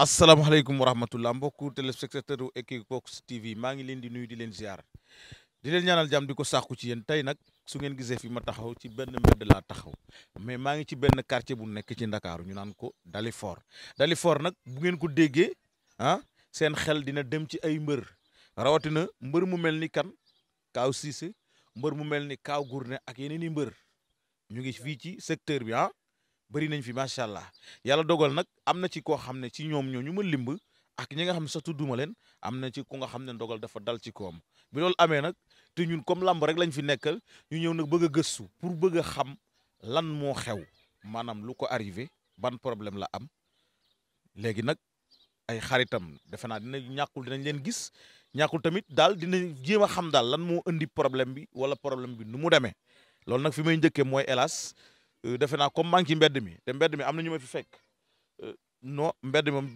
asalaamaaleykum wa rahmatullah mbokku téléspectateur u Equivox TV maa ngi leen di nuyu di leen ziar di leen ñaanal jamdi ko sàkku ci yéen tey nag su ngeen gisee fi ma taxaw ci benn mbedd laa taxaw mais maa ngi ci benn quartier bu nekk ci ndakaaru ñu naan ko Dalifort Dalifort nag bu ngeen ko déggee ah seen xel dina dem ci ay mbër rawatina mbër mu mel ni kan Kaaw Cissé mbër mu mel ni Kaaw Gourné ak yeneen i mbër ñu ngi fii ci secteur bi ah bëri nañ fi macha allah yàlla dogal nag am na ci koo xam ne ci ñoom ñoo ñu ma limb ak ñi nga xam ne sa tudduma leen am na ci ku nga xam ne dogal dafa dal ci koom bi loolu amee nag te ñun comme lamb rek lañ fi nekkal ñu ñëw nag bëgg gëstu pour bëgg a xam lan moo xew maanaam lu ko arrivé ban problème la am léegi nag ay xaritam defe naa dina ñàkkul dinañ leen gis ñàkkul tamit daal dina jéem a xam daal lan moo indi problème bi wala problème bi nu mu demee loolu nag fi may njëkkee mooy hélas Euh, defe naa comme maa ci mbedd mi te mbedd mi am na ñu ma fi fekk euh, non mbedd moom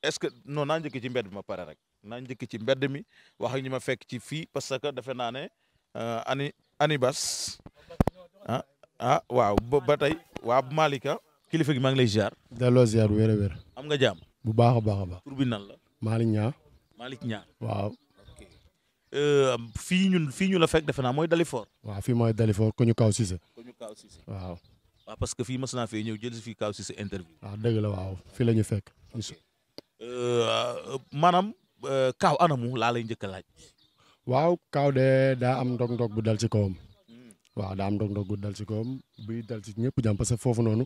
est-ce que no naa njëkk ci mbedd mi ma pare rek na njëkk ci mbedd mi wax ak ñu ma fekk ci fii parce que defe naa ne euh, ani ani bas ah, ah waaw ba tey waa Malika kilifa gi maa lay ziar. delloo ziar wér am nga jaam. bu baax a baax a baax. tur bi nan la. Malick Niang. Malick Niang. waaw. fii ñun fii ñu la fekk defe naa mooy Dalifort. waaw fii mooy Dalifort ku ñu kaw Cissé. waaw. waaw ah, parce que fii mas naa fee ñëw jël si fii Kaaw si sa interview. waaw ah, dëgg la waaw fii la ñu fekk. Euh, ah, maanaam euh, Kaaw anamu laa lay njëkk a laaj. waaw Kaaw de daa am ndog-ndog bu dal ci kawam. Hmm. waaw daa am ndog-ndog bu dal ci kawam buy ñëpp jàmm parce que foofu noonu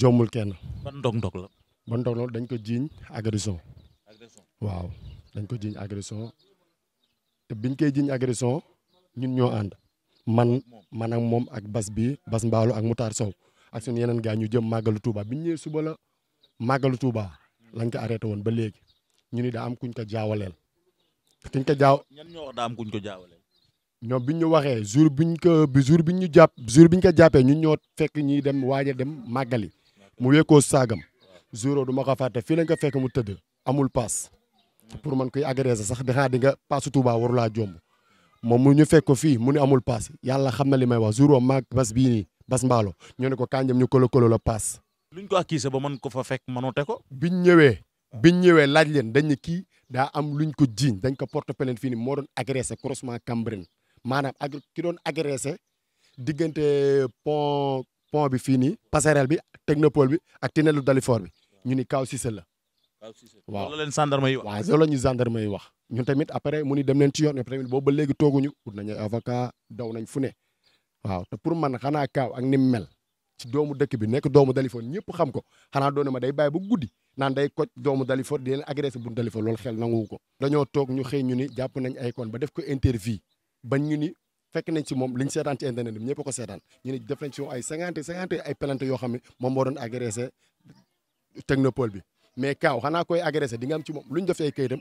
jommul kenn. ban ndog-ndog la. ban ndog loolu dañ ko jiiñ agression. agression waaw dañ ko jiiñ agression te biñ koy jiiñ agression ñun ñoo ànd. man man ak moom ak bas bi bas mbaalu ak Moutar Sow ak suñu yeneen gaa ñu jëm màggalu Touba bi ñu ñëwee suba la màggalu Touba lañ ko arrêté woon ba léegi ñu ni daa am kuñ ko jaawaleel. kuñ ko jaaw ñan ñoo wax daa am kuñ ko jaawaleel. ñoom biñ ñu waxee jour biñ ko jour biñ ñu jàpp jour biñ ko jàppee ñun ñoo fekk ñuy dem waaj a dem màggali mu wékkoo saagam jour du ma ko fàtte fii lañ ko fekk mu tëdd amul paas pour man koy agressé sax dixaa di nga paasu Touba warulaa jomb moom mu ñu fekk ko fii mu ne amul paas yàlla xam na li may wax jour maag bas bii nii bas mbaalo ñu ne ko kanjam ñu kolo kolo la paas. luñ ko acquise ba man ko fa fekk mënoote ko. biñ ñëwee biñ ñëwee laaj leen dañ ne kii daa am luñ ko jiiñ dañ ko porte plainte fii nii moo doon agressé croisement Cambérène maanaam agri ki doon agressé diggante pont pont bi fii nii passerelle bi technopole bi ak tina lu Dalifort bi ñu ni Kaw Cissé la. Kaw waaw loolu la leen gendarme yi la ñuy gendarme yi wax. ñun tamit après mu ni dem leen ci yoon tamit boobu ba léegi tooguñu ut nañu avocat daw nañ fu ne waaw te pour man xanaa kaaw ak ni mel ci doomu dëkk bi nekk doomu Dalifort ñëpp xam ko xanaa doone ma day bàyyi ba guddi naan day koj doomu Dalifort di leen agressé bu Dalifort loolu xel nanguwu ko. dañoo toog ñu xëy ñu ni jàpp nañ ay kon ba def ko interview ba ñu ni fekk nañ ci moom liñ seetaan ci internet bi ñëpp ko seetaan ñu ni def nañ ci moom ay cinquante yoo xam ne moom moo doon agressé technopole bi mais kaaw xanaa koy agressé di nga am ci moom luñ defee kayitam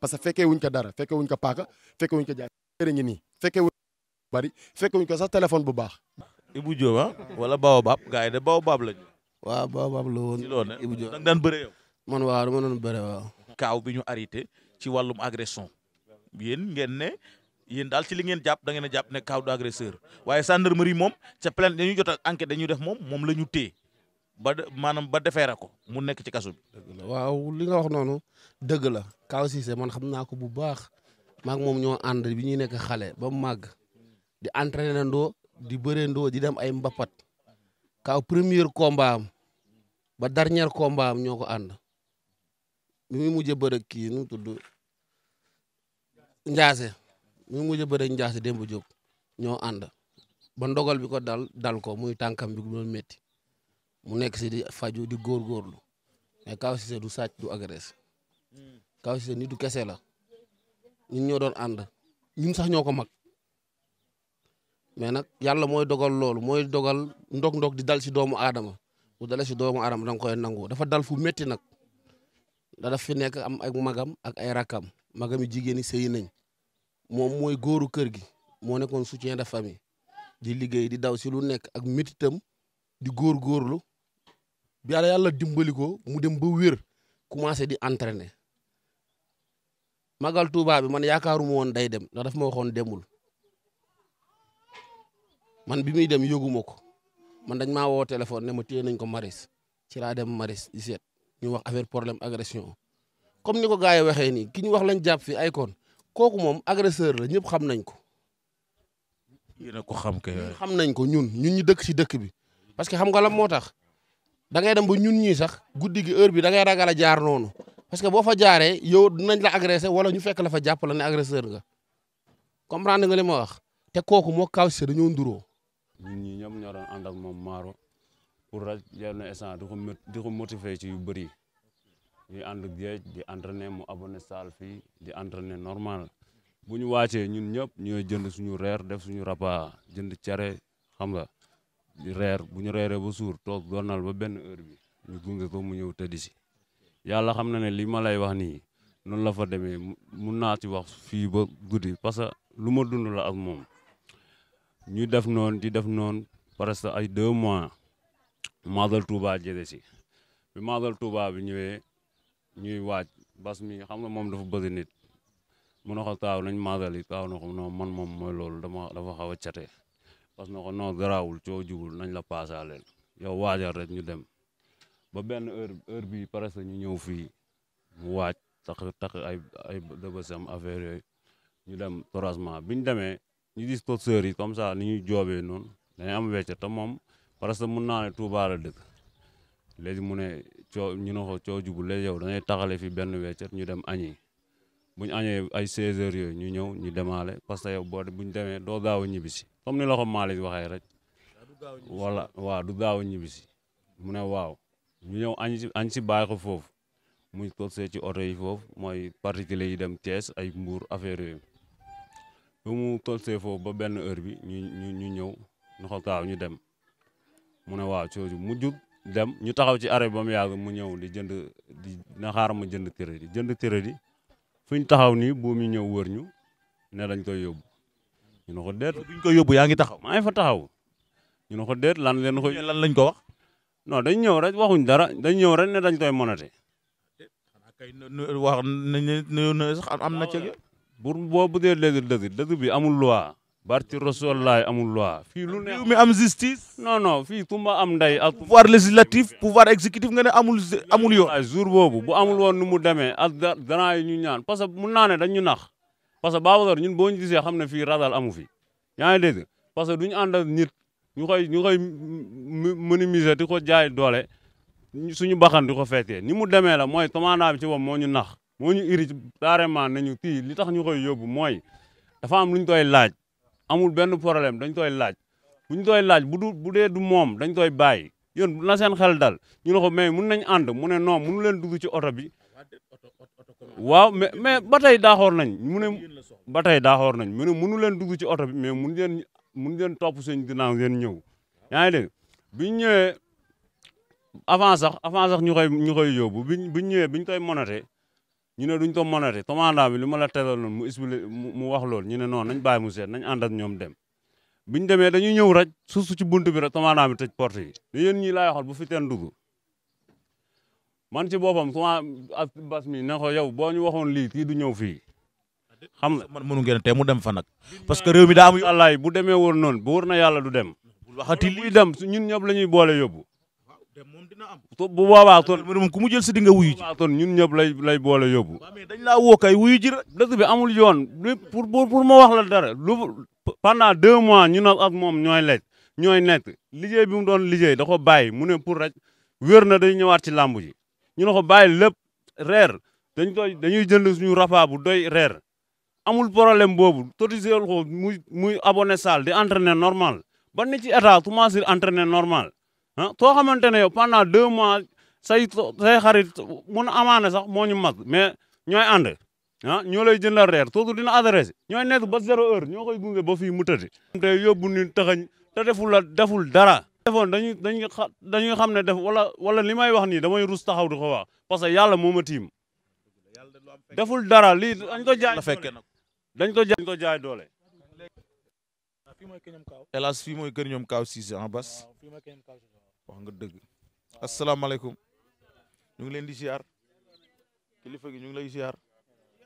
parce que fekkee wuñ ko dara fekkee wuñ ko paaka fekkee wuñ ko jaay téere ngi nii fekkee wuñ bari fekkee wuñ ko sax téléphone bu baax Ibou Diop ah wala Baobab gars yi de Baobab lañu waaw Baobab la woon Ibou Diop da nga daan bëre yow man waaw dama doon bi ñu arrêté ci wàllum agression yéen ngeen ne yéen daal ci li ngeen jàpp da jàpp ne kaaw du waaye gendarmerie moom ca plainte dañuy jot ak enquête dañuy def moom la ñu téye ba maanaam ba defeere ko mu nekk ci kaso bi. waaw li nga wax noonu dëgg la Kaw Cissé man xam naa ko bu baax maak moom ñoo ànd bi ñuy nekk xale ba màgg di entraîné ndoo di bëree ndoo di dem ay mbapat Kaw premier combat am ba dernier combat am ñoo ko ànd mi muy mujj a bëre kii nu mu tudd Ndiasse mi muy mujj a bëre Ndiasse démb jóg ñoo ànd ba ndogal bi ko dal dal ko muy tànkam bi mu metti mu nekk si di faju di góor góorgóorlu mais Kaw Cissé du sàcc du agresse Kaw Cissé nit du kese la ñun ñoo doon ànd ñun sax ñoo ko mag mais nag yàlla mooy dogal loolu mooy dogal ndog-ndog di dal si doomu aadama bu dalee si doomu aadama da nga koy nangu dafa dal fu métti nag da fi nekk am ak magam ak ay rakkam magam yu jigéen ñi sëyi nañ moom mooy góoru kër gi moo nekkoon soutien de famille di liggéey di daw si lu nekk ak métitam di góor góorgóorlu bi yàlla yàlla dimbali ko mu dem ba wér commencé di entraîner magal Touba bi man yaakaaruma woon day dem ndax daf ma waxoon demul man bi muy dem yëguma ko man dañ maa woo téléphone ne ma téye nañ ko Maris ci laa dem Maris di seet ñu wax affaire problème agression comme ni ko gars yi waxee nii ki ñu wax lañ jàpp fi ay kon kooku moom agresseur la ñëpp xam nañ ko. yéen ko xam xam nañ ko ñun ñun ñu dëkk ci dëkk bi parce xam nga moo tax. da ngay dem ba ñun ñii sax guddi gi heure bi da ngay ragal a jaar noonu parce que boo fa jaaree yow dinañ la agressé wala ñu fekk la fa jàpp la ne agresseur nga comprendre nga li ma wax te kooku moo kaw si dañoo nduroo. ñun ñii ñoom ñoo doon ànd ak moom Maaro pour rajo yenn instant di ko di ko motiver ci yu bëri di ànd géej di entraîner mu abonné salle fii di entraîner normal bu ñu wàccee ñun ñëpp ñooy jënd suñu reer def suñu repas jënd cere xam nga. reer bu ñu reeree ba suur toog donnal ba benn heure bi ñu gunge ko mu ñëw tëddi si yàlla xam na ne li ma lay wax nii noonu la fa demee mun naa ci wax fii ba guddi parce que lu ma dundu la ak moom ñu def noonu di def noonu presque ay deux mois Magal Touba jege si bi Magal Touba bi ñëwee ñuy waaj bas mi xam nga moom dafa bëri nit mun na ko taaw nañ Magal yi taaw na ko non man moom mooy loolu dama dafa xaw a cate parce que na ko non garaawul coo jubul nañ la paasaaleel yow waajal rek ñu dem ba benn heure heure bi presque ñu ñëw fii mu waaj tax tax ay ay dëbësam affaire yooyu ñu dem croisement bi ñu demee ñu gis ko sœurs yi comme ça ni ñuy joobee noonu dañuy am wecc te moom parce que mun naa ne Touba la dëkk léegi mu ne coo ñu ne ko coo jubul léegi yow dañuy taxale fi benn wecc ñu dem añi bu ñu añee ay 16 yooyu ñu ñëw ñu demaale parce que yow boo bu doo gaaw a ñibbisi comme ni la ko Malick waxee rek wala waa du gaaw a ñibbisi mu ne waaw ñu ñëw añ si añ ko foofu muy tosee ci oto yi foofu mooy particulier yi dem Thiès ay Mbour affaire yooyu bu mu tosee foofu ba benn heure bi ñu ñu ñu ñëw ñu ko gaaw ñu dem mu ne waaw cooju mujj dem ñu taxaw ci arrêt ba mu mu ñëw di jënd di naxaar ma jënd crédit jënd crédit fuñ taxaw nii buum yi ñëw wër ñu ne dañ koy yóbbu ñu ne ko déet. buñ koy yóbbu yaa ngi taxaw maa fa taxaw ñu ne ko déet lan leen ko. lan lañ ko wax. non dañ ñëw rek waxuñ dara dañ ñëw rek ne dañ koy monate. kay wax nañ ne am na ci. pour boo bu dee dëgg dëgg bi amul loi. barti Rasulullaay amul loi. fii lu ne mi am justice. non non fii Tumba am nday ak. pouvoir législatif pouvoir exécutif nga ne amul amul yoon. ay jour boobu bu amul woon nu mu demee ak danaa yi ñu ñaan parce que mun naa ne dañ ñu nax parce que Babacar ñun boo ñu gisee xam ne fii radal amu fi. yaa ngi dégg parce que duñu ànd ak nit ñu koy ñu koy minimiser di ko jaay doole suñu baxan di ko fekkee ni mu demee la mooy commandant bi ci bopp moo ñu nax moo ñu iri carrément nañu kii li tax ñu koy yóbbu mooy dafa am lu ñu koy laaj. amul benn problème dañ koy laaj bu ñu laaj bu du bu dee du moom dañ koy bàyyi yéen na seen xel dal ñu ne ko mais mun nañ ànd mu ne non munu leen dugg ci oto bi waaw mais mais ba tey daaxoor nañ mu ne ba tey daaxoor nañ mu ne munu leen dugg ci oto bi mais mun leen mun leen topp seen ginnaaw ngeen ñëw yaa ngi bi ñu ñëwee avant sax ñu koy ñu koy yóbbu bi ñëwee bi ñu koy monote ñu ne duñ ko monate commandant bi li ma la teral noonu mu expliqué mu wax loolu ñu ne noonu nañ bàyyi mu seet nañ ànd ak ñoom dem biñ demee dañuy ñëw rek suuf ci bunt bi rek commandant bi tëj porte yi ne yéen ñii laay waxal bu fi teen dugg man ci boppam comment ak bas mi ne ko yow boo ñu waxoon lii kii du ñëw fii xam nga man mënu ngeen mu dem fa nag parce que réew mi daa am yu bu demee woon noonu bu wër na yàlla du dem waxati lii dem ñun ñëpp la ñuy boole yóbbu bu boobaa toon mënum ku mu jël si di nga wuyu ji toon ñun ñëpp lay lay boole yóbbu mais dañ laa woo kay wuyu ji rek dëkk bi amul yoon pour pour ma wax la dara lu pendant deux mois ñu ak moom ñooy lekk ñooy nekk liggéey bi mu doon liggéey da ko bàyyi mu ne pour rek wér na dañu ñëwaat ci làmb ji ñu ne ko bàyyi lépp reer dañ koy dañuy jënd ñu rafaa bu doy reer amul problème boobu totisel ko mu muy abonné salle di entraîner normal ba ne ci état commencé entraîner normal ah soo xamante ne yow pendant deux mois say say xarit mun amaane sax moo ñu mag mais ñooy ànd ah ñoo lay jëndal reer surtout dina adressé ñooy nekk ba zéro heure ñoo koy gunge ba fii mu tëddi. te yóbbu ni taxañ te deful la deful dara. defoon dañuy dañuy xa ne def wala wala li may wax nii damay rus taxaw di ko wax parce que yàlla moo ma tiim deful dara li dañ ko jaay dañ ko jaay ko jaay doole. hélas fii mooy kër ñoom Kaaw Cissé en bas. wax nga dëgg asalaamaaleykum ñu ngi leen di ziar kilifa gi ñu ngi lay ziar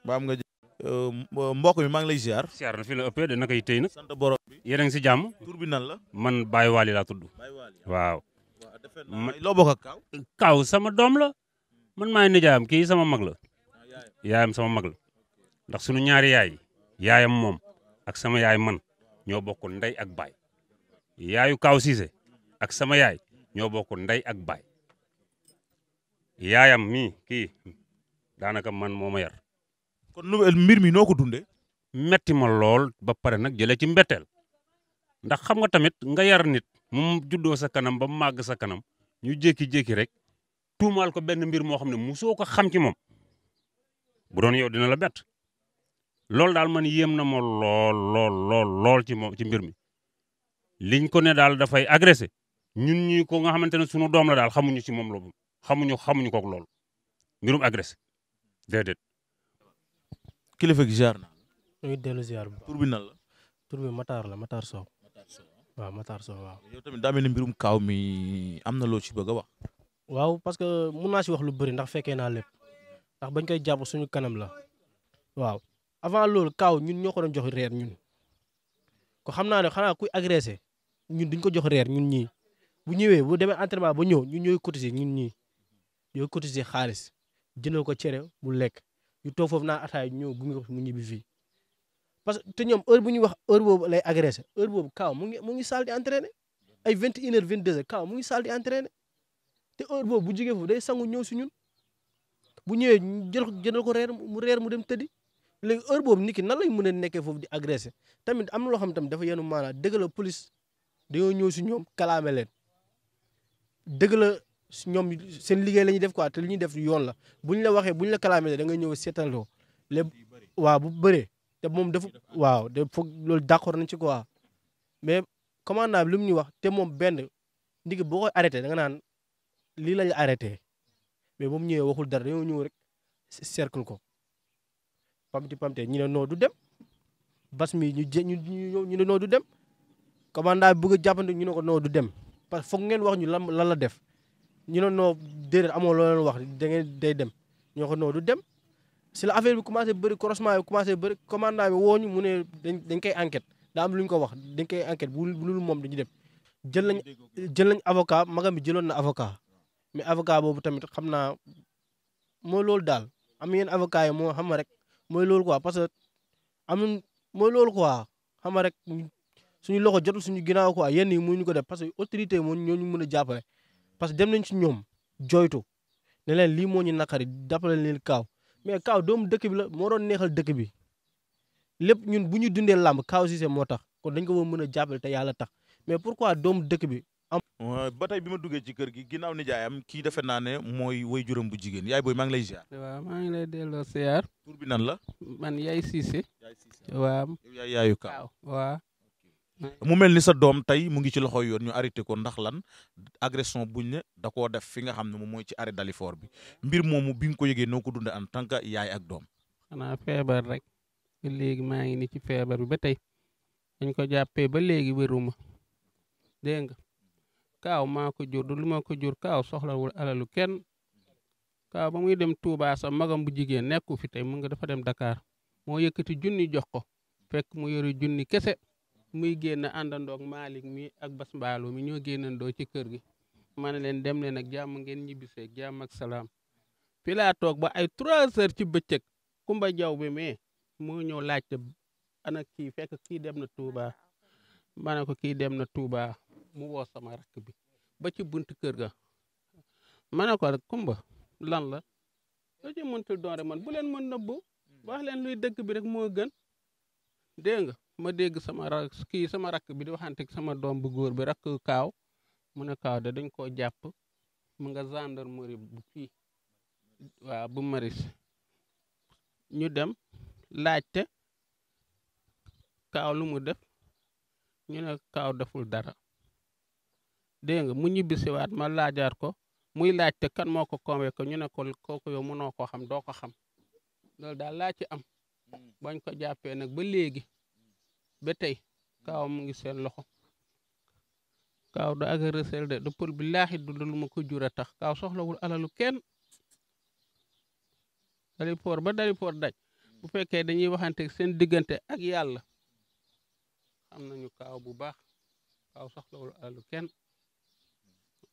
ba am nga euh, mbokk mi maa ngi lay ziar. na fi la de naka yi tey nag. sant borom bi yéen a ngi si jàmm. tur bi nan la. man Baye Waly laa tudd. Ah. waaw. man loo bokk ak sama doom la. man maay nijaayam kii sama mag la. Ah, yaayam sama mag la. ndax sunu ñaari yaay. yaayam moom ak sama yaay man ñoo bokk ndey ak baay. yaayu Kaaw Cissé ak sama yaay ñoo bokk ndey ak baay yaayam mi kii daanaka man mooma ma yar. kon nu mbir mi noo ko dunde metti ma lool ba pare nag jëlee ci mbetteel ndax xam nga tamit nga yar nit mu juddoo sa kanam ba màgg sa kanam ñu jékki-jékki rek tuumaal ko benn mbir moo xam ne musoo ko xam ci moom bu doon yow dina la bett loolu daal man yéem na ma lool lool lool ci moom ci mbir mi liñ ko ne daal dafay agressé ñun ñi ko nga xamante ne sunu doom la daal xamuñu ci moom loolu xamuñu xamuñu kook loolu mbirum agressé déedéet. kilifa gi ziar na. ñu dellu ziar bu la. tur bi Matar la Matar waaw Matar Sow waaw. mbirum kaaw mi am na loo ci bëgg a wax. waaw parce que mun naa si wax lu bëri ndax fekkee naa lépp ndax bañ koy jàpp suñu kanam la waaw avant loolu kaaw ñun ñoo ko doon jox reer ñun ko xam naa ne xanaa kuy agressé ñun duñ ko jox reer ñun ñii bu ñëwee bu demee entraînement ba ñëw ñun ñooy cotiser ñun ñii ñooy cotiser xaalis jëndal ko cere mu lekk ñu toog foofu naa ataay ñëw gunge ko mu ñibbi fii. que te ñoom heure bu ñuy wax heure boobu lay agressé heure boobu kaaw mu ngi mu ngi saal di entraîné ay vingt une heure vingt mu ngi saal di entraîné te heure boobu bu jógee foofu day sangu ñëw si ñun bu ñëwee jël jëndal ko reer mu reer mu dem tëddi léegi heure boobu nit ki nan lay mën nekkee foofu di agressé tamit am na loo xam tamit dafa yenu maanaam dëgg la police dañoo ñëw si ñoom kalaame leen dëgg la ñoom seen liggéey la ñuy def quoi te li ñuy def yoon la bu ñu la waxee bu ñu la kalaamee da nga ñëw seetandoo lépp waa bu bëree te moom dafa waaw de foog loolu d'accord nañ ci quoi mais commandant bi li mu wax te moom benn ndigi boo koy arrêté da nga naan lii lañ arrêté mais moom ñëwee waxul dara dañoo ñëw rek cercle ko pamti pamte ñu ne noo du dem bas mi ñu ñu ñu ne noo du dem commandant bi bëgg a jàppante ñu ne ko noo du dem parce que foog ngeen wax ñu lan lan la def ñu ne non déedéet amoo loo leen wax da ngeen day dem ñoo noo du dem si la affaire bi commencé bëri croisement bi commencé bëri commandant bi woo ñu mu ne dañ dañ koy enquête daa am lu ñu ko wax dañ koy enquête bu bu moom dañu dem. jël nañ jël nañ avocat magam bi jëloon na avocat mais avocat boobu tamit xam naa mooy loolu daal am yenn avocat yi moo xam rek mooy loolu quoi parce que loolu quoi xam rek suñu loxo jotul suñu ginnaaw quoi yenn yi mënuñu ko def parce que autorité yi ñoo ñu mën a jàppale parce que dem nañ ci ñoom jooytu ne leen lii moo ñu naqari dàppale leen kaaw mais kaaw doomu dëkk bi la moo doon neexal dëkk bi lépp ñun bu ñu dundee làmb kaaw Cissé moo tax kon dañ ko mën a jàppale te yàlla tax mais pourquoi doomu dëkk bi am. ba tey bi ma duggee ci kër gi ginnaaw jaayam kii defe naa ne mooy way juróom bu jigéen yaay booy maa lay ziar. maa ngi lay delloo ziar. tur bi nan la. man yaay Cissé. yaay Cissé waaw. yow yaay mu mel ni sa doom tey mu ngi ci loxo yoon ñu arrêté ko ndax lan agression buñ ne da koo def fi nga xam ne moom mooy ci arrêt Dalifort bi mbir moomu bi nga ko yëgee noo ko dundee en tant que yaay ak doom. xanaa feebar rek ba léegi maa ngi ni ci feebar bi ba tey dañ ko jàppee ba léegi wéruma dégg nga kaaw maa ko jur du lu ma ko jur kaaw soxlawul alalu kenn kaaw ba muy dem Touba sa magam bu jigéen nekku fi tey mu nga dafa dem Dakar moo yëkkati junni jox ko fekk mu yore junni kese. muy génn àndandoog Malick mi ak Bas Mballo mi ñoo génnandoo ci kër gi ma ne leen dem leen ak jàmm ngeen ñibbisee jàmm ak salaam fi laa toog ba ay trois heures ci bëccëg Kumba Jaw bi mais moo ñëw laajte ana ki fekk kii dem na Touba ma ne ko kii dem na Touba mu woo sama rakk bi ba ci buntu kër ga ma ko rek Kumba lan la loo ci mëntul doon rek man bu leen mën nëbbu wax luy dëgg bi rek moo gën dégg nga ma dégg sama sama rakk bi de waxanteeg sama doom bu góor bi rakk kaaw mu ne kaaw de dañ koo jàpp mu nga gendarmerie bu fii waaw bu maris ñu dem laajte kaaw lu mu def ñu ne kaaw deful dara dee nga mu waat ma laajaat ko muy laajte kan moo ko convoqué ñu ne ko kooku yow mënoo koo xam doo ko xam loolu daal laa ci am bañ ko jàppee nag ba léegi ba tey kaaw mu ngi seen loxo kaaw du agresseur de du pël billaahi du lu ma ko jura tax kaaw soxlawul alalu kenn dalipoor ba dalipoor daj bu fekkee dañuy waxante seen diggante ak yàlla am nañu kaaw bu baax kaaw soxlawul alalu kenn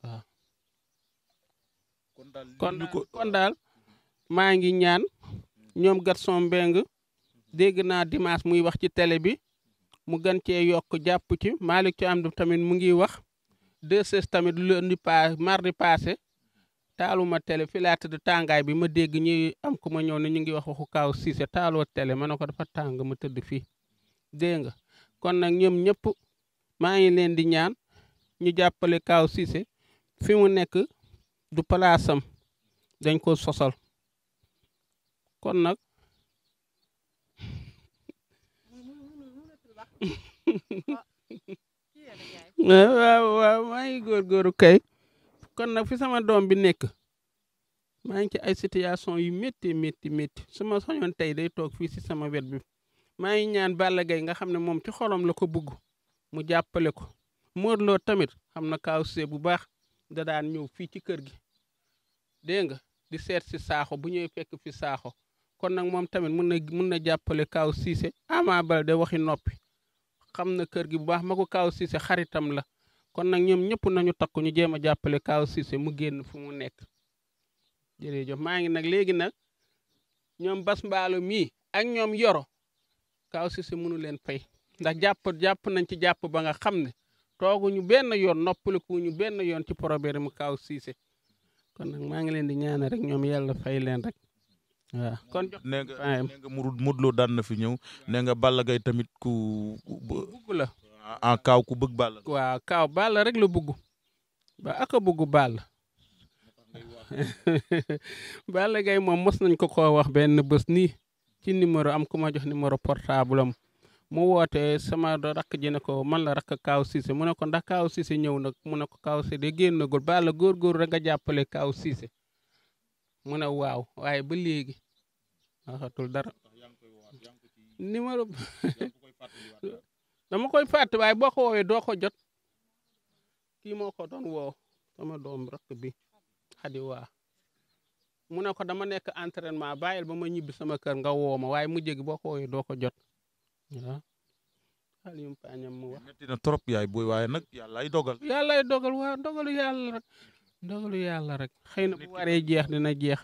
waaw kon daal maa ngi ñaan ñoom Gaston Mbengue dégg naa Dimanche muy wax ci télé bi mu gën cee yokk jàpp ci Malick ci am tamit mu ngi wax 2 tamit lundi pa mardi passé taaluma télé fi laa tàngaay bi ma dégg ñuy am ku ma ñëw ne ñu ngi wax waxu Kaaw Cissé taaloo télé ma ne ko dafa tàng ma tëdd fii dégg nga kon nag ñoom ñëpp maa ngi leen di ñaan ñu jàppale Kaaw Cissé fi mu nekk du palaasam dañ ko sosal kon nag Eh, waaw waaw maa ngi góorgóoru kay kon nag fi sama doom bi nekk maa ngi ci ay situation yu métti métti métti su ma soñoon tey day toog fii si sama wet bi maa ngi ñaan Balla Gaye nga xam ne moom ci xolam la ko bëgg mu jàppale ko Modou Lo tamit xam na kaaw see bu baax da daan ñëw fii ci kër gi dégg nga di seet si saaxo bu ñëwee fekk fi saaxo kon nag moom tamit mun na na jàppale kaw siise Ama Baldé waxi noppi xam na kër gi bu baax ma magu Kaaw Cissé xaritam la kon nag ñoom ñëpp nañu takku ñu jéem a jàppale Kaaw Cissé mu génn fu mu nekk jërëjëf maa ngi nag léegi nag ñoom Bas Mbaalo mii ak ñoom Yoro Kaaw Cissé mënu leen fay ndax jàpp jàpp nañ ci jàpp ba nga xam ne tooguñu benn yoon noppaliku ñu benn yoon ci problème mu Kaaw Cissé kon nag maa ngi leen di ñaanal rek ñoom yàlla fay leen rek. waaw kon jox nee nga nee Lo daan na fi ñëw nee nga Balla tamit ku. bëgg la en kaaw ku bëgg Balla. waaw kaaw Balla rek la bëgg ba ak a bëgg Balla. Balla moom mos nañ ko koo wax benn bës nii ci numéro am ku ma jox numéro portable am mu woote sama rakk ji ne ko man la rakk Kaaw Cissé mu ne ko ndax Kaaw Cissé ñëw nag mu ne ko Kaaw Cissé de génnagul Balla góor-góor rek nga jàppale Kaaw Cissé mu waaw waaye ba léegi a waxatul dara numéro dama koy fàtte waaye boo ko woowee doo ko jot kii moo ko doon woo sama doom rakk bi xadi waa mu ne ko dama nekk entraînement bàyyil ba ma ñibbi sama kër nga woo ma mu jéggi boo ko woowee jot waaw Aliou mu wax. trop yaay booy waaye nag yàlla ay dogal. yàlla ay dogal waaw dogalu yàlla rek dogalu yàlla rek xëy bu waree jeex dina jeex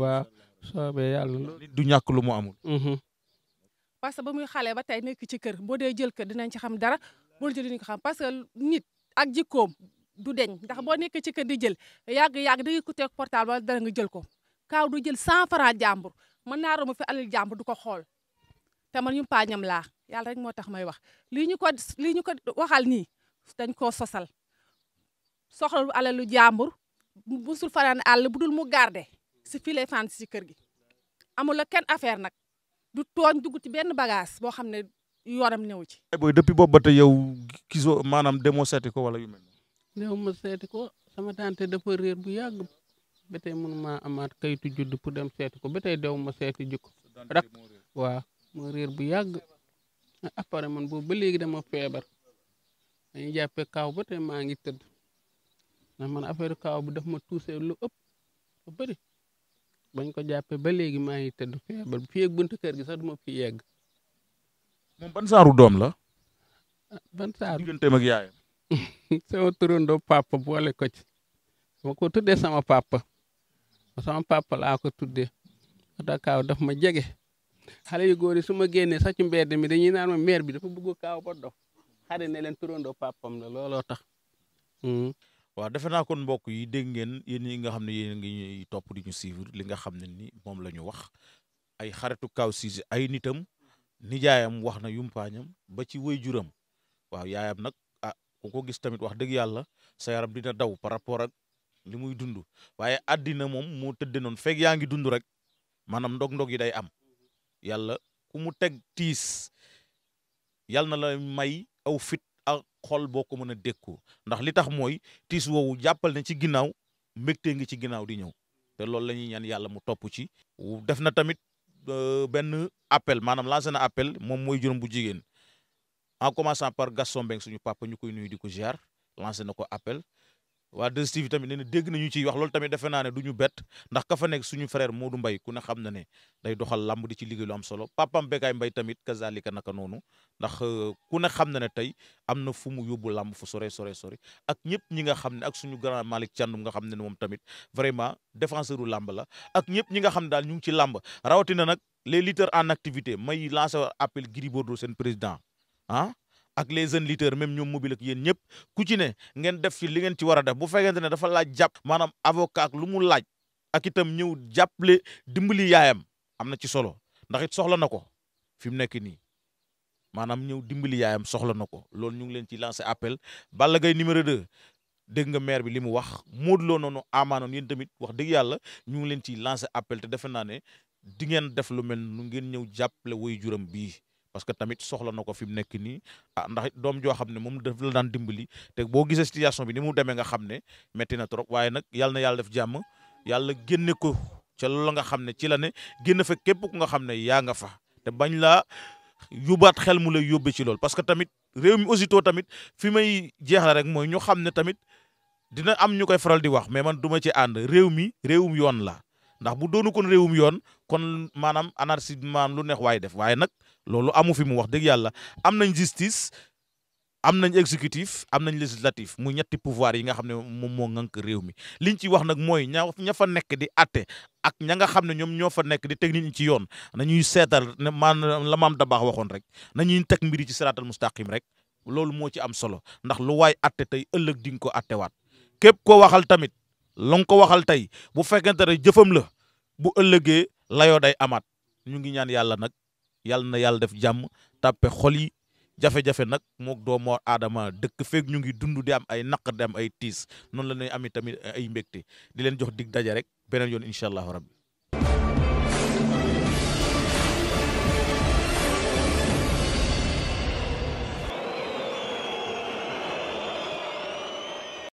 waaw. soobee yàlla nit du ñàkk lu mu amul. Mhm. parce que ba muy xale ba tey nekk ci kër boo dee jël kër dinañ ci xam dara boo jël dinañ ko xam parce que nit ak jikkoom du deñ ndax boo nekk ci kër di jël yàgg yàgg da nga ko teg portable wala dara nga jël ko kaaw du jël 100 francs jàmbur mën naa romb fi alal jàmbur du ko xool te man ñu paañam laa yàlla rek moo tax may wax lii ñu ko lii ñu ko waxal nii dañ koo sosal soxla alalu jàmbur bu sul fanaan àll bu dul mu garde si fii lay si kër gi amul kenn affaire nag du tooñ dugg ci benn bagage boo xam ne yoram ñëw ci. booy depuis boobu ba tey yow gisoo maanaam demoo seeti ko wala yu mel ma seeti ko sama tante dafa réer bu yàgg ba tey mënuma amaat kayitu juddu pour dem seeti ko ba tey dew ma seeti jukk rak waaw moo réer bu yàgg après man boobu ba léegi dama feebar dañuy jàppee kaaw ba tey maa ngi tëdd ndax man affaire kaaw bu daf ma tuusee lu ëpp ba bëri bañ ko jàppee ba léegi maa ngi tëdd feebar fii ak buntu kër gi sax du ma fi yegg. moom ban saaru doom la. ban saaru digganteem ak yaayam. sama turandoo papa boole ko ci. ma ko tuddee sama papa sama papa ko tuddee da kaaw ma jege xale yu góor yi su ma génnee sax ci mbedd mi dañuy naan ma mère bi dafa bëgg kaaw ba dof xale ne leen la looloo tax. Hmm. waaw defe naa kon mbokk yi dégg ngeen yéen ñi nga xam ne yéen ngi topp di ñu suivre li nga xam ne ni moom la ñu wax ay xaritu Kaw Cissé ay nitam nijaayam wax na yumpaañam ba ci waajuram waaw yaayam nag ah ku ko gis tamit wax dëgg yàlla sa yaram dina daw par rapport ak li muy dund waaye àddina moom moo tëdde noon feeg yaa ngi dund rek maanaam ndog-ndog yi day am yàlla ku mu teg tiis yàlla na may aw fit ak xol boo ko mën a dékku ndax li tax mooy tiis woowu jàppal ne ci ginnaaw mbégte ngi ci ginnaaw di ñëw te loolu la ñuy ñaan yàlla mu topp ci. def na tamit euh, benn appel maanaam lancé na appel moom mooy juróom bu jigéen en commençant par Gaston Mbengue suñu papa ñu koy nuyu di ko ziar lancé na ko appel. waa 2STV tamit nee na dégg nañu ciy wax loolu tamit defe naa ne du ñu bett ndax ka fa nekk suñu frère Modou Mbaye ku ne xam na ne day doxal làmb di ci liggéey lu am solo papam Bekaay Mbaye tamit kazalika naka noonu ndax euh, ku ne xam na ne tey am na fu mu yóbbu làmb fu sore sore sore ak ñëpp ñi nga xam ne ak suñu grand Malick Thiandoum nga xam ne moom tamit vraiment défenseur u làmb la ak ñëpp ñi nga xam ne daal ñu ngi ci làmb rawatina nag les lutteurs en activité may lancer appel Gris Bordeaux seen président ah ak les jeunes lutteurs même ñoom mobile ak yen ñëpp ku ci ne ngeen def ci lingeen ci war a def bu fekkente ne dafa laaj jàpp maanaam avocat lu mu laaj ak itam ñëw jàppale dimbali yaayam am na ci solo ndax it soxla na ko fi mu nekk nii maanaam ñëw dimbali yaayam soxla na ko loolu ñu ngi leen ci lancé appel Balla gay numéro de dégg nga maire bi li mu wax Modou Lo noonu amaanoon yéen tamit wax dëgg yàlla ñu ngi leen ciy lancé appel te defe naa ne di ngeen def lu mel nu ngeen ñëw jàppale woy juram bii parce que tamit soxla na ko fi mu nekk nii ah, ndax doom joo xam ne moom daf la daan dimbali te boo gisee situation bi ni mu demee nga xam ne métti na trop waaye nag yàlla na yàlla def jàmm yàlla génne ko ca loolu nga xam ne ci la ne génn fa képp ku nga xam ne yaa nga fa te bañ laa yóbbaat xel mu lay yóbbe ci loolu parce que tamit réew mi aussitôt tamit fi may jeexal rek mooy ñu xam ne tamit dina am ñu koy faral di wax mais man du ma ci ànd réew mi réewum yoon la ndax bu doonu kon réewum yoon kon maanaam anarchie maanaam lu neex waaye def waaye nag loolu amu fi mu wax dëgg yàlla am nañ justice am nañ exécutif am nañ législatif mu ñetti pouvoir yi nga xam ne moom moo ŋànk réew mi liñ ci wax nag mooy ña ña fa nekk di atte ak ña nga xam ne ñoom ñoo fa nekk di technique nit ñi ci yoon nañuy seetal ne maanaam la maam da baax waxoon rek nañuy teg mbiri ci siraatal mustaqim rek loolu moo ci am solo ndax lu waay atte tey ëllëg di nga ko àttewaat képp koo waxal tamit la nga ko waxal tey bu fekkente ne jëfam la bu ëllëgee layoo day amaat ñu ngi ñaan yàlla nag yàlla na yàlla def jàmm tappe xol yi jafe-jafe nag mook doomu aadama dëkk feeg ñu ngi dund di am ay naqar di am ay tiis noonu la ñuy amee tamit ay mbégte di leen jox dig daje rek beneen yoon incha allahu rabbi